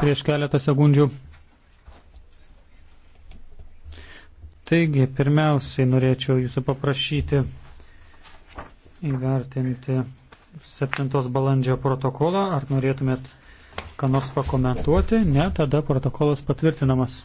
prieš keletą sekundžių. Taigi, pirmiausiai norėčiau jūsų paprašyti įvertinti 7 balandžio protokolą. Ar norėtumėt ką nors pakomentuoti? Ne, tada protokolas patvirtinamas.